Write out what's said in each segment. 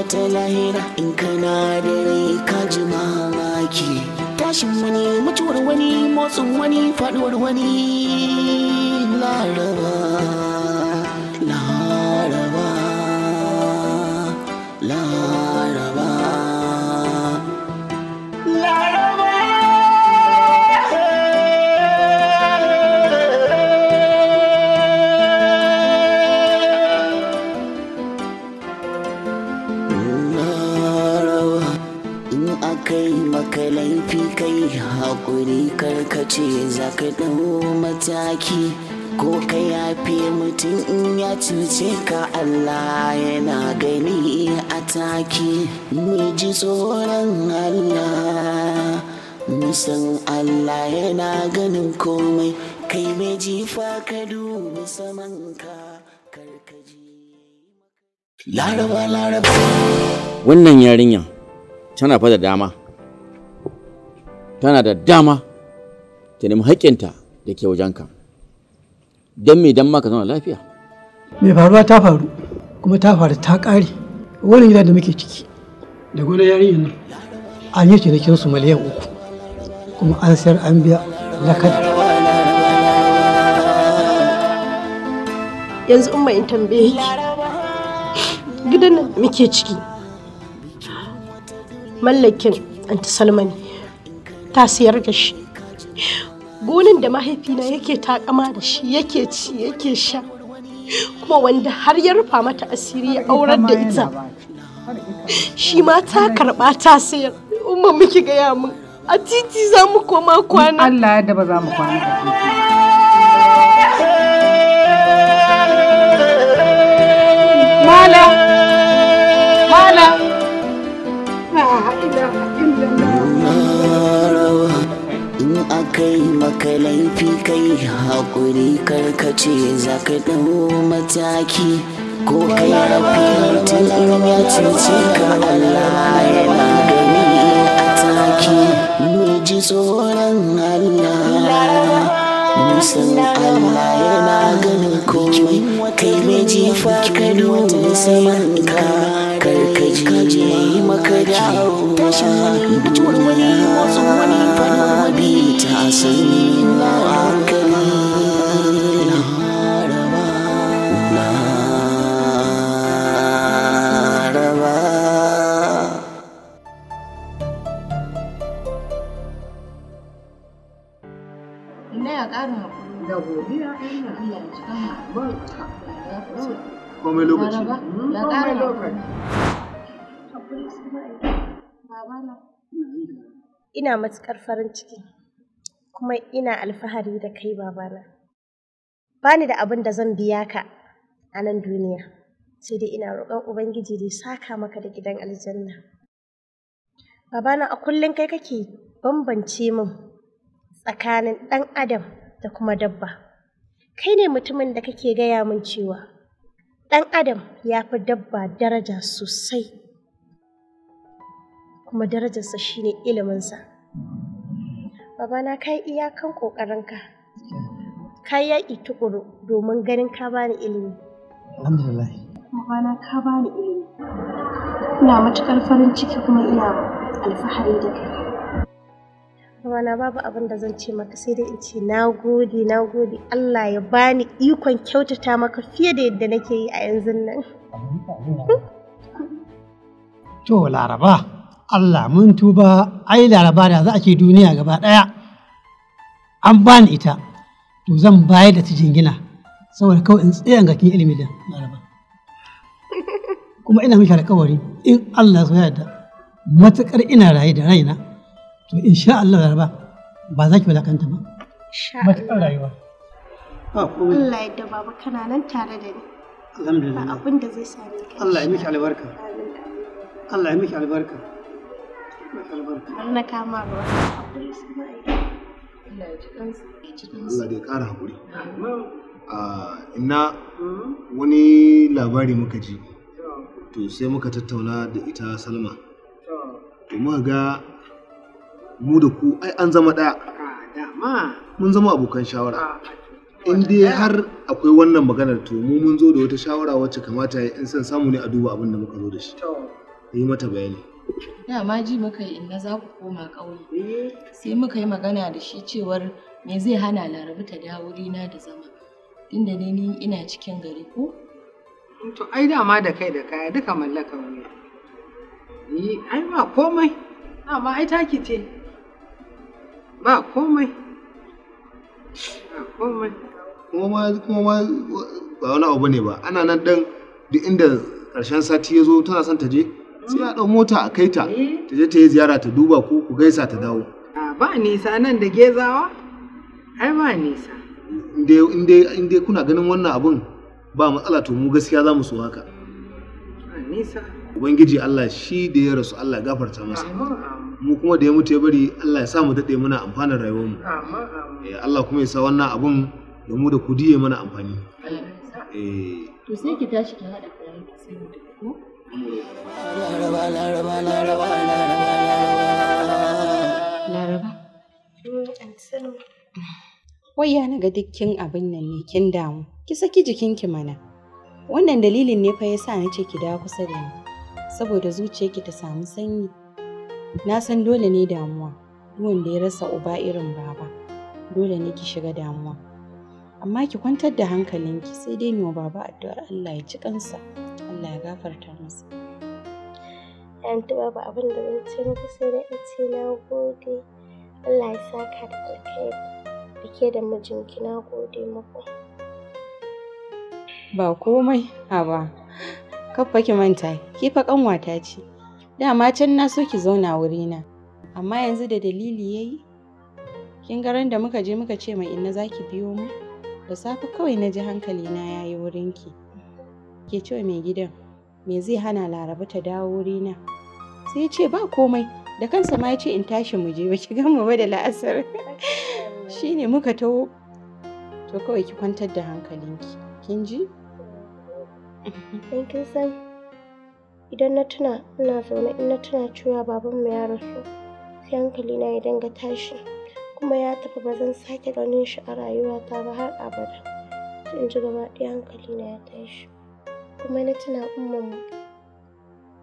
wata lahira in kana dare ka ji mamaki tashin wani mutuwar wani motsin wani faduwar wani laraba kai haƙuri karkace za ka ɗau mataki ko ka yafe mutum in ya cuce ka Allah yana gani a taki mu ji tsoron Allah musan Allah yana ganin komai kai mai jifa ka dubu saman ka karkaji laraba laraba wannan yarinya tana fa dama tana da dama ta nemi haƙƙinta da ke wajenka don me don maka zama lafiya mai faruwa ta faru kuma ta faru ta ƙare wani gida da muke ciki da gonar yarinyar nan an yi cinikin su miliyan uku kuma an sayar an biya lakata yanzu umma in tambaye ki gidan muke ciki mallakin anti salmani ta siyar da shi gonin da mahaifina yake takama da shi yake ci yake sha kuma wanda har ya rufa mata asiri ya aurar da ita shi ma ta karba ta sayar umma miki gaya mun a titi za mu koma kwana Allah da ba za mu kwana mataki ko ka yaraba tun in ya cuce ka Allah yana gani a taki mu ji tsoron Allah musan Allah yana gani komai kai mai jifa ka duba saman ka karkaji kaji yi maka dawo wani wani wani fana bi ta sani na Mm-hmm. ya ƙara haƙuri. ina. Allah Komai lokaci. Ya ƙara Ina matuƙar farin ciki kuma ina alfahari da kai babana. Ba ni da abin da zan biya ka a nan duniya, sai dai ina roƙon Ubangiji da saka maka da gidan aljanna. Babana a kullum kai kake bambance min tsakanin ɗan adam da kuma dabba. Kai ne mutumin da kake gaya min cewa ɗan adam ya fi dabba daraja sosai, kuma darajarsa shine iliminsa. Babana ka yi iyakan ƙoƙarinka, ka yi yaƙi tukuru domin ganin ka bani ilimi. Alhamdulillah. Babana ka bani ilimi. Ina matuƙar farin ciki kuma ina alfahari da kai. na babu abin da zan ce maka sai dai in ce na gode na gode Allah ya bani ikon kyautata maka fiye da yadda nake yi a yanzu nan. To Laraba, Allah mun tuba ai Laraba da za a ke duniya gaba ɗaya. An bani ita, to zan bayar da ta jingina saboda kawai in tsaya ga kin ilimi da Laraba. Kuma ina mishi alkawari in Allah ya da matukar ina raye da raina. to insha Allah raba ba za ki walakanta ba matuƙar rayuwa Allah yadda baba kana nan tare da ni alhamdulillah abin da zai same ka Allah ya miki albarka Allah ya miki albarka na kama ruwa Allah ya ƙara haƙuri ina hmm? wani labari muka ji to sai muka tattauna da ita salma to muka ga mu da ku ai an zama ɗaya mun zama abokan shawara in dai har akwai wannan maganar to mu mun zo da wata shawara wacce kamata ya yi san samu ne a duba abin da muka zo da shi yi mata bayani dama ji muka yi inna za ku koma ƙauye sai muka yi magana da shi cewar me zai hana larabu ta dawo na da zama inda ne ni ina cikin gari ko to ai dama da kai da kaya duka mallakar ne ai ma komai dama ai taki ce ba komai komai kuma ma ba wani abu ne ba ana nan dan duk inda karshen sati ya zo tana son ta je sai a ɗau mota a kai ta eh. ta je ta yi ziyara ta duba ko ku gaisa ta dawo ba nisa nan da gezawa ai ba nisa in dai kuna ganin wannan abun ba matsala to mu gaskiya za mu so haka ubangiji allah shi da ya rasu allah gafarta masa mu kuma da ya mutu ya bari Allah ya sa mu daɗe muna amfanar rayuwar mu eh, Allah kuma ya sa wannan abun da mu da ku diye mana amfani eh. to sai ki tashi ki hada Laraba, laraba, laraba, laraba, laraba. Mm, Wai ya ga dukkin abin nan ne kin damu, ki saki jikinki mana. Wannan dalilin ne fa yasa na ce ki dawo kusa da ni, saboda zuciyarki ta samu sanyi. Na san dole ne damuwa, duwan da ya rasa uba irin baba, dole ne ki shiga damuwa. Amma ki kwantar da hankalinki sai dai wa baba addu'ar Allah ya ci kansa, Allah ya gafarta masa. Yanzu baba abin da zan ce muku sai da ce na gode, Allah ya saka da alkhairi, da da mijinki na gode muku. Ba komai, haba, kafa ki manta, ki fa kanwata ce. dama can na so ki zauna wurina amma yanzu da dalili ya yi kin garan da muka je muka ce mai inna za ki biyo mu da safe kawai na ji hankali na ya yi wurinki ke ce mai gidan me zai hana laraba ta dawo wurina sai ce ba komai da kansa ma ya ce in tashi mu je baki ki gan mu ba da la'asar shine muka taho to kawai ki kwantar da hankalinki kin ji san idan na tuna ina zaune in na tuna cewa babanmu ya rasu sai hankali na ya danga tashi kuma ya tafi ba zan sake ganin shi a rayuwata ba har abada in ji gaba ɗaya hankali na ya tashi kuma na tuna ummanmu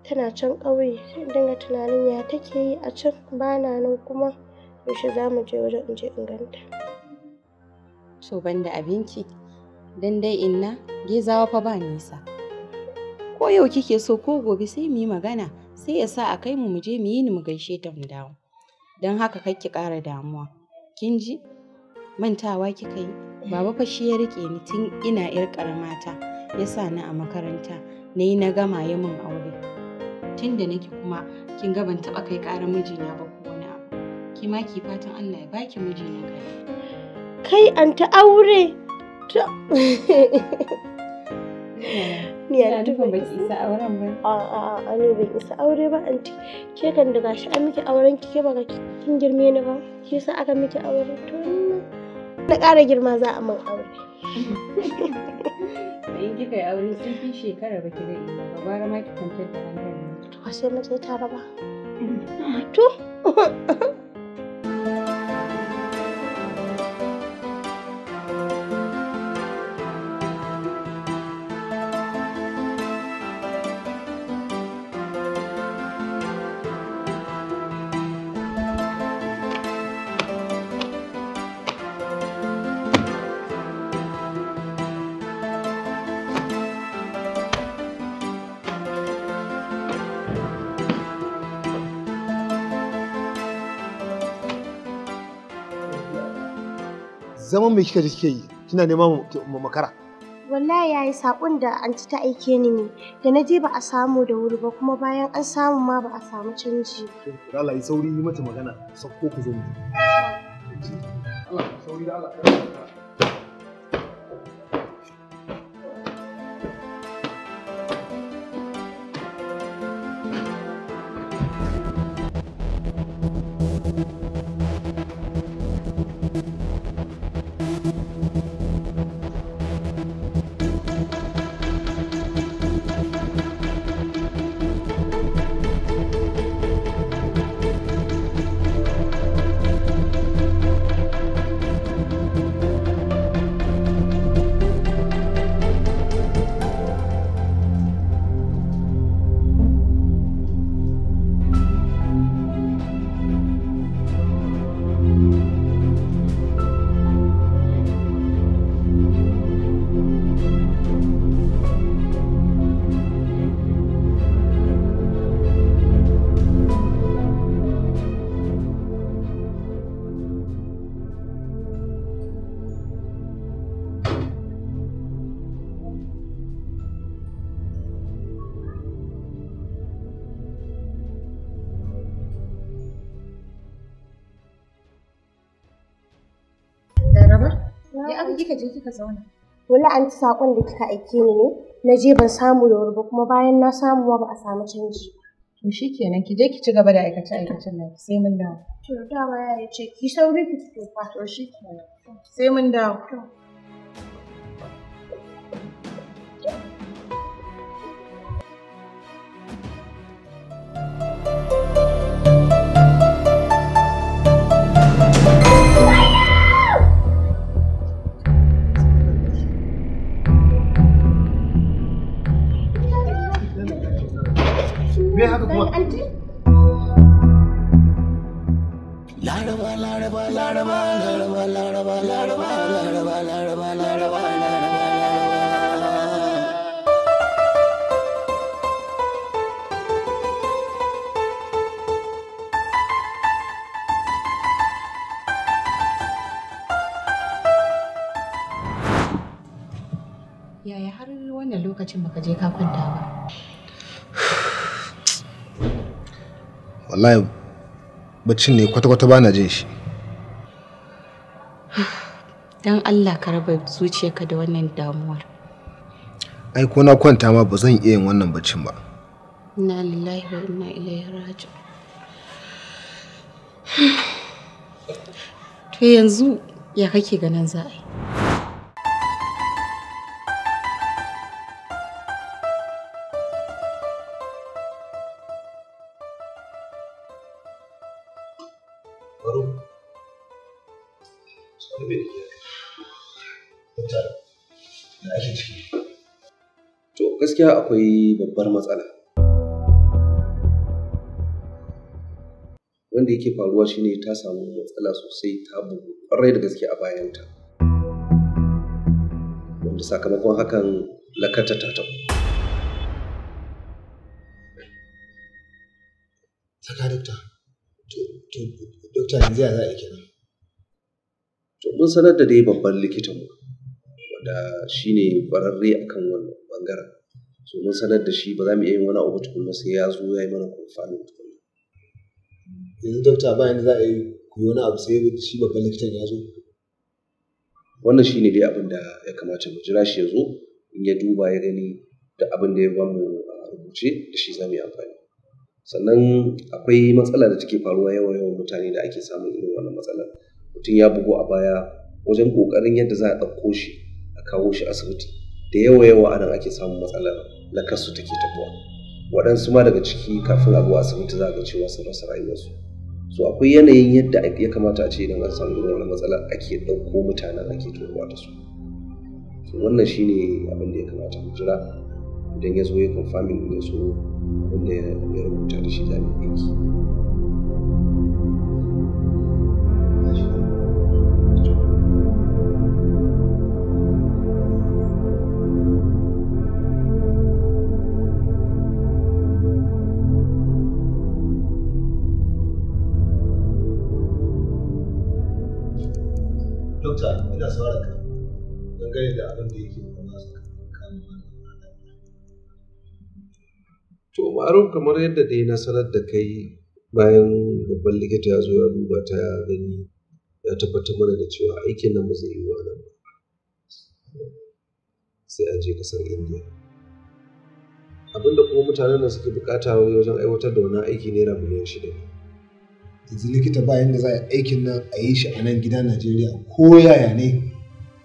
tana can ƙauye sai in dinga tunanin ya take yi a can bana nan kuma yaushe za mu je wajen in je in ganta to banda abinci dan dai inna gezawa fa ba nisa yau kike so ko gobe sai mu yi magana sai ya sa a kai mu mu je mu yi ni mu gaishe ta mu dawo don haka kai ki ƙara damuwa kin ji mantawa kika yi baba fa shi ya rike ni tun ina yar ta ya sa ni a makaranta na yi na gama ya min aure tun da nake kuma kin ga ban taɓa kai miji mijina ba ko wani abu ki ma ki fatan Allah ya baki miji na gari kai an ta aure ta miya da tufa ba isa auren ba a a a ne ban isa aure ba anti ke kan da gashi an miki auren ki ke baka kin girme ni ba yasa aka miki aure to na ƙara girma za a man aure kika yi aure sun fi shekara ba ki ga ina ba ma ki kwantar da hankali to sai mace ta raba to zaman me kika ji kike yi kina nema mu makara wallahi yayi sakon da an ci ta aike ni ne da na je ba a samu da wuri ba kuma bayan an samu ma ba a samu canji Allah yi sauri yi mata magana sauko ku zo mu Allah sauri da Allah Laraba? Ya abu kika je kika zauna? Wala an saƙon da kika aike ni ne, na je ban samu da wuri ba kuma bayan na samu ba a samu canji. To shi kenan ki je ki ci gaba da aikace aikacen nan sai mun dawo. To dama ya ce ki sauri ki fito fa. To shi kenan. Sai mun dawo. Yaya har wannan lokacin baka je ka kwanta ba? wallahi baccin ne kwata-kwata ba na jin shi don allah ka raba zuciyarka da wannan damuwar ai ko na kwanta ma ba zan iya yin wannan baccin ba inna lillahi wa inna ilaihi raji to yanzu ya kake ganin za a yi gaskiya akwai babbar matsala wanda yake faruwa shine ta samu matsala sosai ta bugu ƙwarai da gaske a bayanta wanda sakamakon hakan lakata ta tau saka dokta To, dokta yanzu ya za a kenan to mun sanar da dai babban likitanmu wanda shine ƙwararre akan wannan bangaren so mun sanar da shi ba za mu iya yin wani abu tukunna sai ya zo ya yi mana kumfanin tukunna yanzu dokta bayan yanda za a yi ku wani abu sai shi babban likitan ya zo wannan shi ne dai abin da ya kamata mu jira shi ya zo in ya duba ya gani da abin da ya ba mu a rubuce da shi za mu yi amfani sannan akwai matsala da take faruwa yawan yawan mutane da ake samun irin wannan matsalar mutum ya bugu a baya wajen ƙoƙarin yadda za a ɗauko shi a kawo shi asibiti da yawa yawa anan ake samun matsalar lakarsu take tabuwa waɗansu ma daga ciki kafin a zuwa asibiti za ga cewa sun rasa rayuwarsu so akwai yanayin yadda ya kamata a ce idan an samu wani matsala ake ɗauko mutanen ake turowa da su so wannan shine abin da ya kamata mu jira idan ya zo ya confirming ya so abin da ya rubuta da shi za mu aiki ina da abin da yake To kamar yadda dai nasarar da kai bayan babban likita ya zo ya duba ta gani ya tabbatar mana da cewa aikin nan ba zai yi wa nan sai an je kasar indiya abinda kuma mutanen nan suke bukata wajen aiwatar da wani aiki naira miliyan shida ne yanzu likita ba yadda za a aikin nan a yi shi a nan gida najeriya ko yaya ne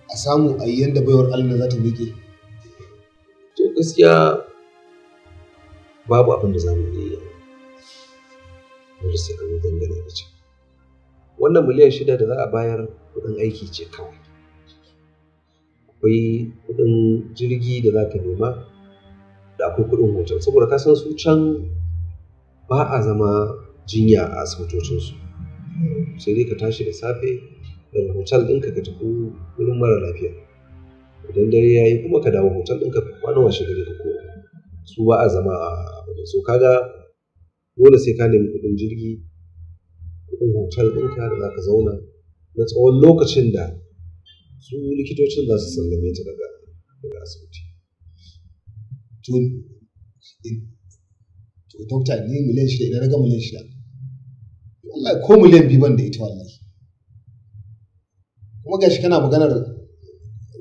a samu a yi yadda baiwar allah za ta miƙe to gaskiya babu abin da za mu iya Wani sai an dangane da ce wannan miliyan shida da za a bayar kuɗin aiki ce kawai akwai kuɗin jirgi da za ka nema da akwai kuɗin hotel saboda kasan san su can ba a zama jinya a asibitocinsu sai dai ka tashi da safe daga hotel ɗinka ka tafi wurin mara lafiya idan dare ya yi kuma ka dawo hotel ɗinka ka kwana washe gari ka koma su ba a zama a wajen so kaga dole sai ka nemi kuɗin jirgi kuɗin hotel ɗinka da za ka zauna na tsawon lokacin da su likitocin za su sallame ta daga daga asibiti. To, dokta ni miliyan shida idan na ga miliyan shida wallahi ko miliyan biyu ban da ita wallahi kuma gashi kana maganar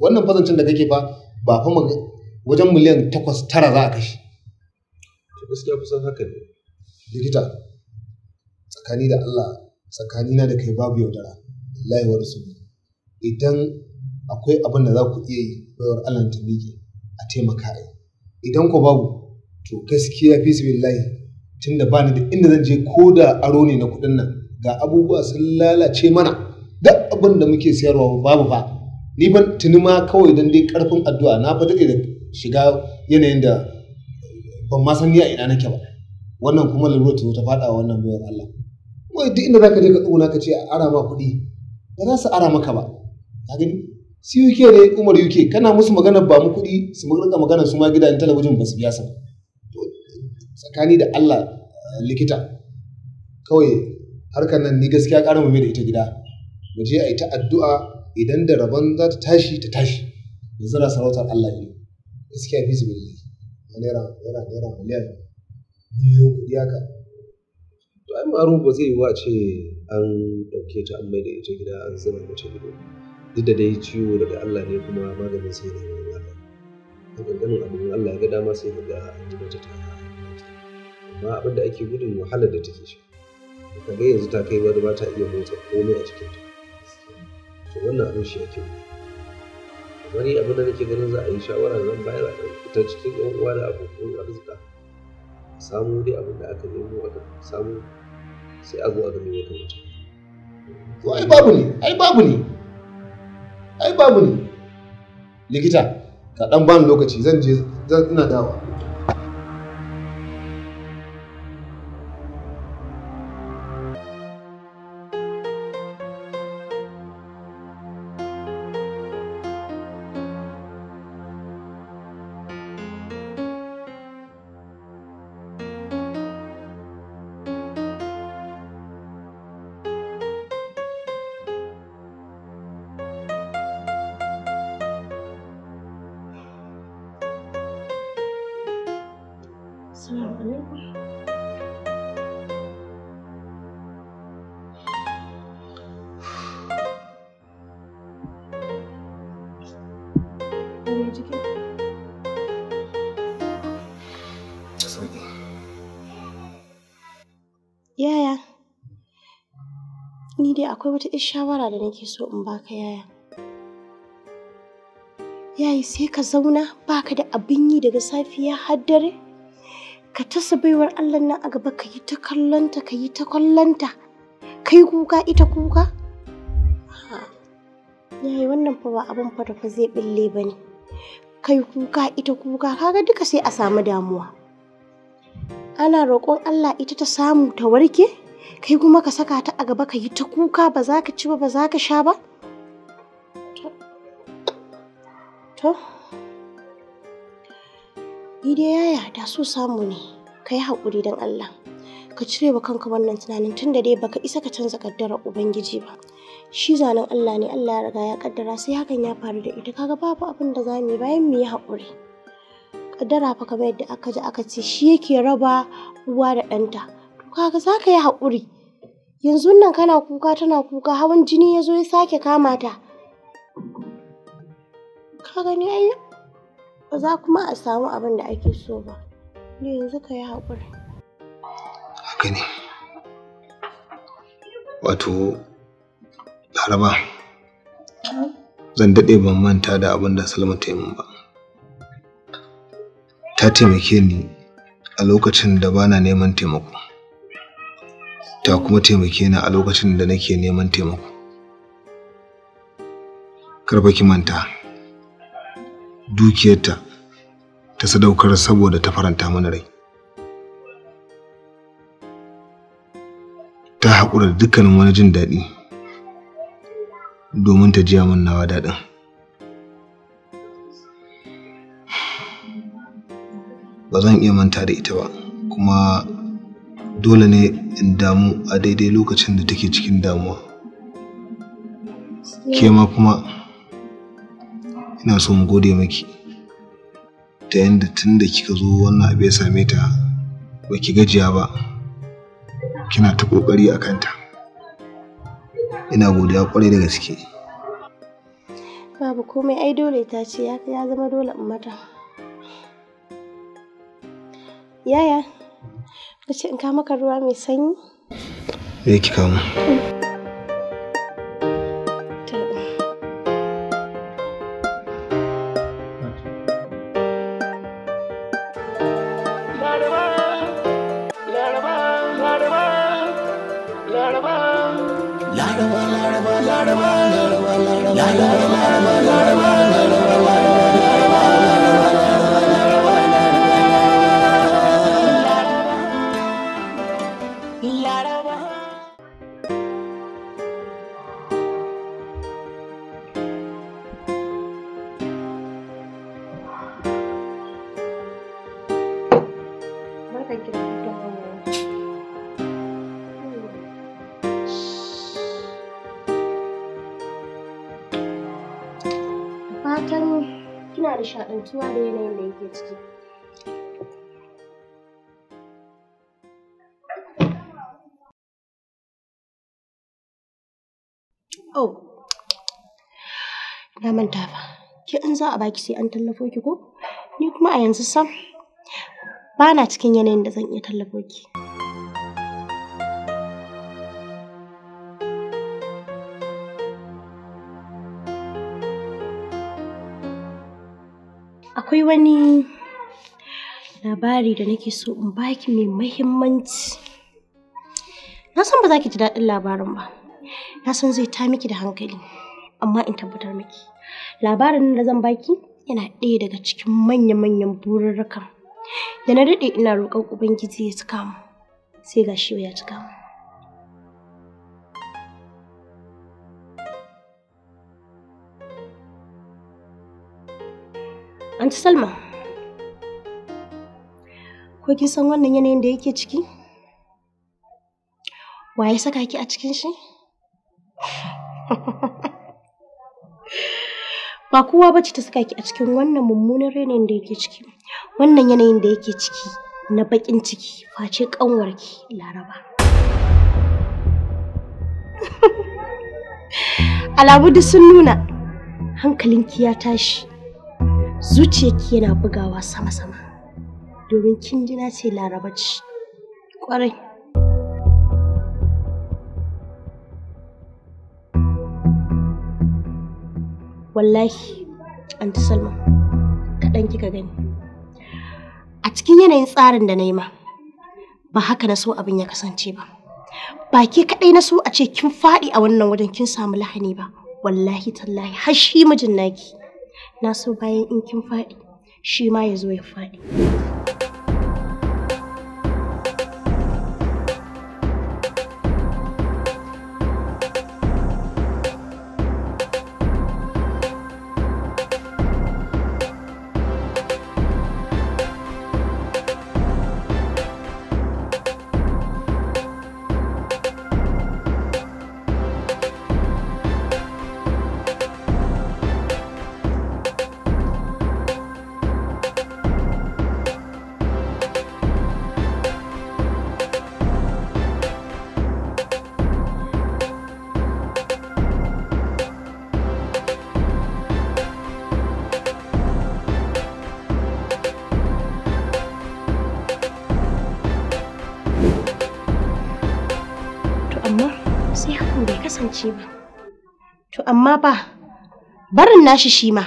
wannan fazancin da kake fa ba fa wajen miliyan takwas tara za a kashe gaskiya kusan haka ne likita tsakani da Allah tsakani na da kai babu yaudara wallahi wa idan akwai abin da za ku iya yi bayar Allah ta miƙe a taimaka a idan ku babu to gaskiya fi su billahi Tun da bani da inda zan je ko da aro ne na kudin nan ga abubuwa sun lalace mana duk abin da muke sayarwa babu ba ni ban tuni ma kawai don dai karfin addu'a na fa da shiga yanayin da ban ma san ni a ina nake ba wannan kuma lalura ta zo ta fada wannan bayar Allah kuma duk inda zaka je ka tsuna ka ce a ara ma kuɗi ba za su ara maka ba ka gani si UK ne Umar UK kana musu maganar ba mu kuɗi su rika maganar su ma gidan talabijin ba su biya su ba tsakani da Allah likita kawai harkar nan ni gaskiya ƙara mai da ita gida mu je a yi ta addu'a idan da rabon za ta tashi ta tashi yanzu na sarautar Allah ne gaskiya fi su billahi naira naira naira miliyan biyu kuɗi haka to ai ma'aruf ba zai yi wa ce an ɗauke ta an mai da ita gida an zira mace ido duk da dai ciwo daga Allah ne kuma maganin sai ne na Allah a ganganin abin Allah ya ga dama sai ga an yi mata ta amma abin da ake gudun wahalar da take shi ka ga yanzu ta kai ba da ba ta iya motsa komai a cikinta to wannan abin shi ake gudu kamar yi abin da nake ganin za a yi shawara zan bayar a ta cikin yan uwa da abokan arzika samu dai abin da aka nemo aka samu sai a zo a gani ya kamata to ai babu ne ai babu ne ai babu ne likita ka dan bani lokaci zan je zan ina dawa Yaya, ni dai akwai wata 'yar shawara da nake so in baka yaya. Yaya sai ka zauna baka da abin yi daga safiya har dare? Ka tasa baiwar Allah nan a gaba ka yi ta kallonta, ka yi ta kallonta, ka yi kuka ita kuka? Yaya wannan fa ba abin fa da fa zai ɓille ba ne. Kai kuka ita kuka, ka ga duka sai a samu damuwa. ana roƙon Allah ita ta samu ta warke kai kuma ka saka ta a gaba ka yi ta kuka ba za ka ci ba ba za ka sha ba to ni dai yaya da so samu ne ka yi haƙuri don Allah ka cire ba kanka wannan tunanin tunda dai baka isa ka canza kaddarar ubangiji ba shi zanen Allah ne Allah ya riga ya kaddara sai hakan ya faru da ita kaga babu abin da za mu yi bayan mu yi haƙuri dara fa kamar yadda aka ji aka ce shi yake raba uwa da ɗanta to kaga za ka yi haƙuri yanzu nan kana kuka tana kuka hawan jini ya zo ya sake kama ta ka gani ai ba za kuma a samu abin da ake so ba ne yanzu ka yi haƙuri haka ne wato laraba hmm? zan daɗe ban manta da abin da salma ta yi min ba ta taimake ni a lokacin da bana neman taimako ta kuma taimake ni a lokacin da nake neman taimako karfa ki manta dukiyarta ta sadaukar saboda ta faranta mana rai ta haƙura da dukkanin wani jin daɗi domin ta jiya mun nawa daɗin ba zan iya manta da ita ba kuma dole ne in damu a daidai lokacin da take cikin damuwa ke ma kuma ina so mu gode maki ta yadda tun da kika zo wannan abu ya same ta ba ki gajiya ba kina ta ƙoƙari a kanta ina godiya kwarai da gaske babu komai ai dole ta ce ya zama dole in mata Yaya, na ce in ka maka ruwa mai sanyi? ki kawo. laraba, laraba, laraba, laraba, laraba, gamsuwa da yanayin da yake oh na manta fa ki in za a baki sai an tallafo ki ko ni kuma a yanzu sam ba na cikin yanayin da zan iya tallafo ki. akwai wani labari da nake so in baki mai mahimmanci. Na san ba za ki ji daɗin labarin ba, na san zai ta miki da hankali, amma in tabbatar miki. Labarin da zan baki yana ɗaya daga cikin manya-manyan bururrukan da na daɗe ina roƙon Ubangiji ya cika mu, sai ga shi ya cika mu. Aunty Salma, ko kin san wannan yanayin da yake ciki? Wa ya saka ki a cikin shi? Ba kowa ba ce ta saka ki a cikin wannan mummunan yanayin da yake ciki. Wannan yanayin da yake ciki na baƙin ciki face ƙanwarki Laraba. Alamu duk sun nuna hankalinki ya tashi. zuciyarki yana bugawa sama-sama domin kin ji na ce laraba ce ƙwarai wallahi anti salma kaɗan kika gani a cikin yanayin tsarin da na yi ma ba haka na so abin ya kasance ba ba ke kaɗai na so a ce kin faɗi a wannan wajen kin samu lahani ba wallahi tallahi har shi mijin naki na so bayan in kin faɗi shi ma ya zo ya faɗi. to amma ba barin nashi shi ma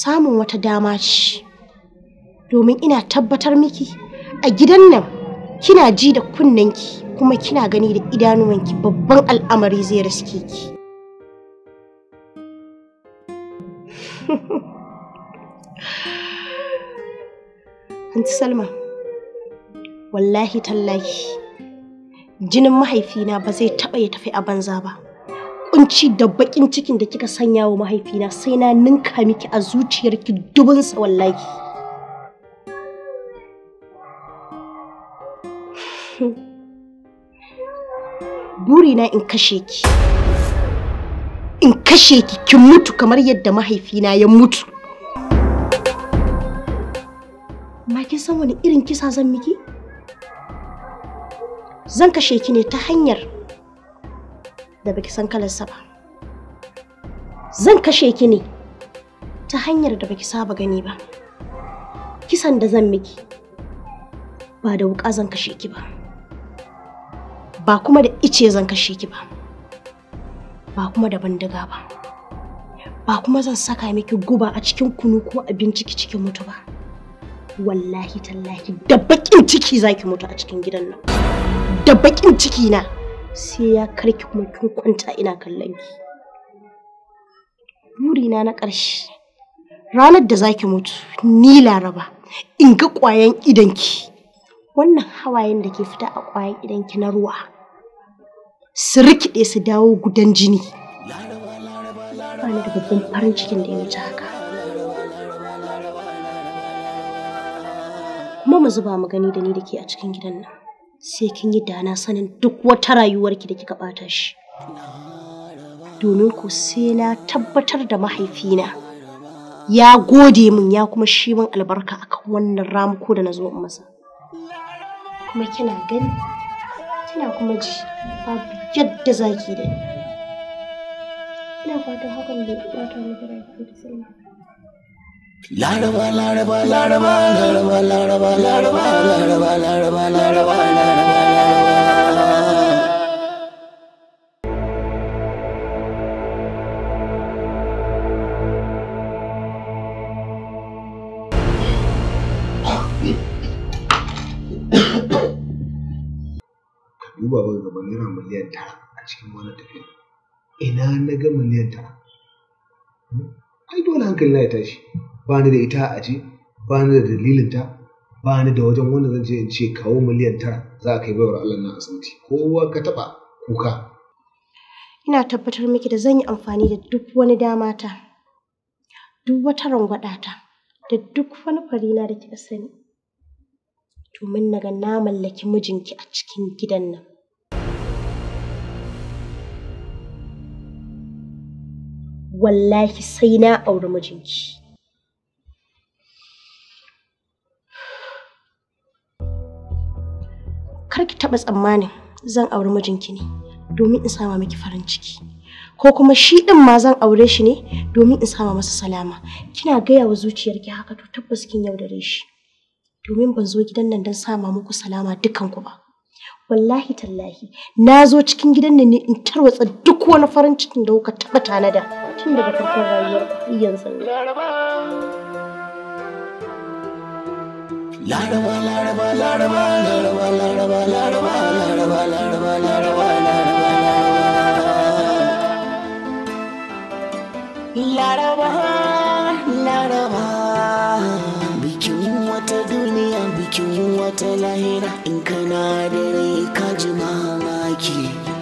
samun wata dama ce domin ina tabbatar miki a gidan nan kina ji da kunnenki kuma kina gani da idanuwanki babban al'amari zai riske ki Anti Salma, wallahi tallahi jinin mahaifina ba zai taɓa ya tafi a banza ba. Kunci da baƙin cikin da kika sanya wa mahaifina sai na ninka miki a zuciyarki dubin tsawon wallahi. Burina in kashe ki. In kashe ki kin mutu kamar yadda mahaifina ya mutu. Ma kin san wani irin kisa zan miki? zan kashe ki ne ta hanyar da baki san kalarsa ba zan kashe ki ne ta hanyar da baki saba gani ba kisan da zan miki ba da wuƙa zan kashe ki ba ba kuma da ice zan kashe ki ba ba kuma da bandiga ba ba kuma zan saka miki guba a cikin kunu ko a ki cikin mutu ba wallahi tallahi da baƙin ciki zaki mutu a cikin gidan nan da bakin ciki na sai ya karki kuma kin kwanta ina kallon ki burina na ƙarshe ranar da zaki mutu ni laraba in ga ƙwayan idanki wannan hawayen da ke fita a ƙwayan idanki na ruwa su rikide su dawo gudan jini wani da babban farin cikin da ya wuce haka kuma mu zuba mu gani da ni da ke a cikin gidan nan sai kin yi dana sanin duk wata rayuwarki da kika ɓata shi. Domin ku sai na tabbatar da mahaifina ya gode min ya kuma shi min albarka akan wannan ramuko da na zo in masa. Kuma kina gani, kina kuma ji babu yadda zaki da ni. Ina fatan hakan bai ɓata miki rayuwa da Laraba, laraba, laraba, laraba, laraba, laraba, laraba, laraba, laraba, duba ban naira miliyan tara a cikin wani tafiya ina na ga miliyan tara hmm? ai dole hankali na ya tashi ba ni da ita a aji ba ni da dalilinta ba ni da wajen wanda zan je in ce kawo miliyan tara za ka kai baiwar Allah na asibiti kowa ka taɓa kuka. Ina tabbatar miki da zan yi amfani da duk wani dama ta duk wata rangwada, ta da duk wani na da kika sani domin na ga na mallaki mijinki a cikin gidan nan. wallahi sai na auri mijinki. kar ki taɓa tsammanin zan auri mijinki ne domin in sama miki farin ciki ko kuma shi ɗin ma zan aure shi ne domin in sama masa salama kina gaya wa zuciyarki haka to tabbas kin yaudare shi domin ban zo gidan nan don sama muku salama dukanku ba wallahi tallahi na zo cikin gidan nan ne in tarwatsa duk wani farin cikin da kuka taɓa tanada tun daga farkon rayuwar yanzu laraba laraba laraba laraba laraba laraba laraba laraba laraba laraba laraba bikin wata duniya bikin wata lahira in kana dare ka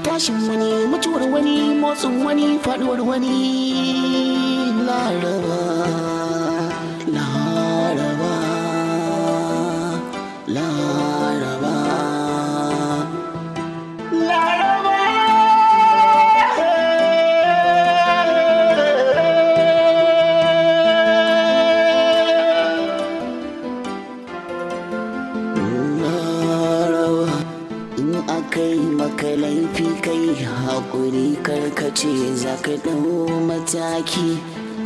tashin wani mutuwar wani motsin wani faduwar wani laraba kai haƙuri karkace za ka ɗau mataki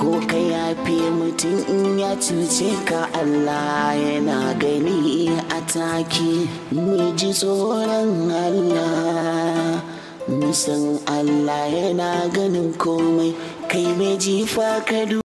ko ka yafe mutum in ya cuce ka Allah yana gani a taki mu ji tsoron Allah musan Allah yana ganin komai kai mai jifa ka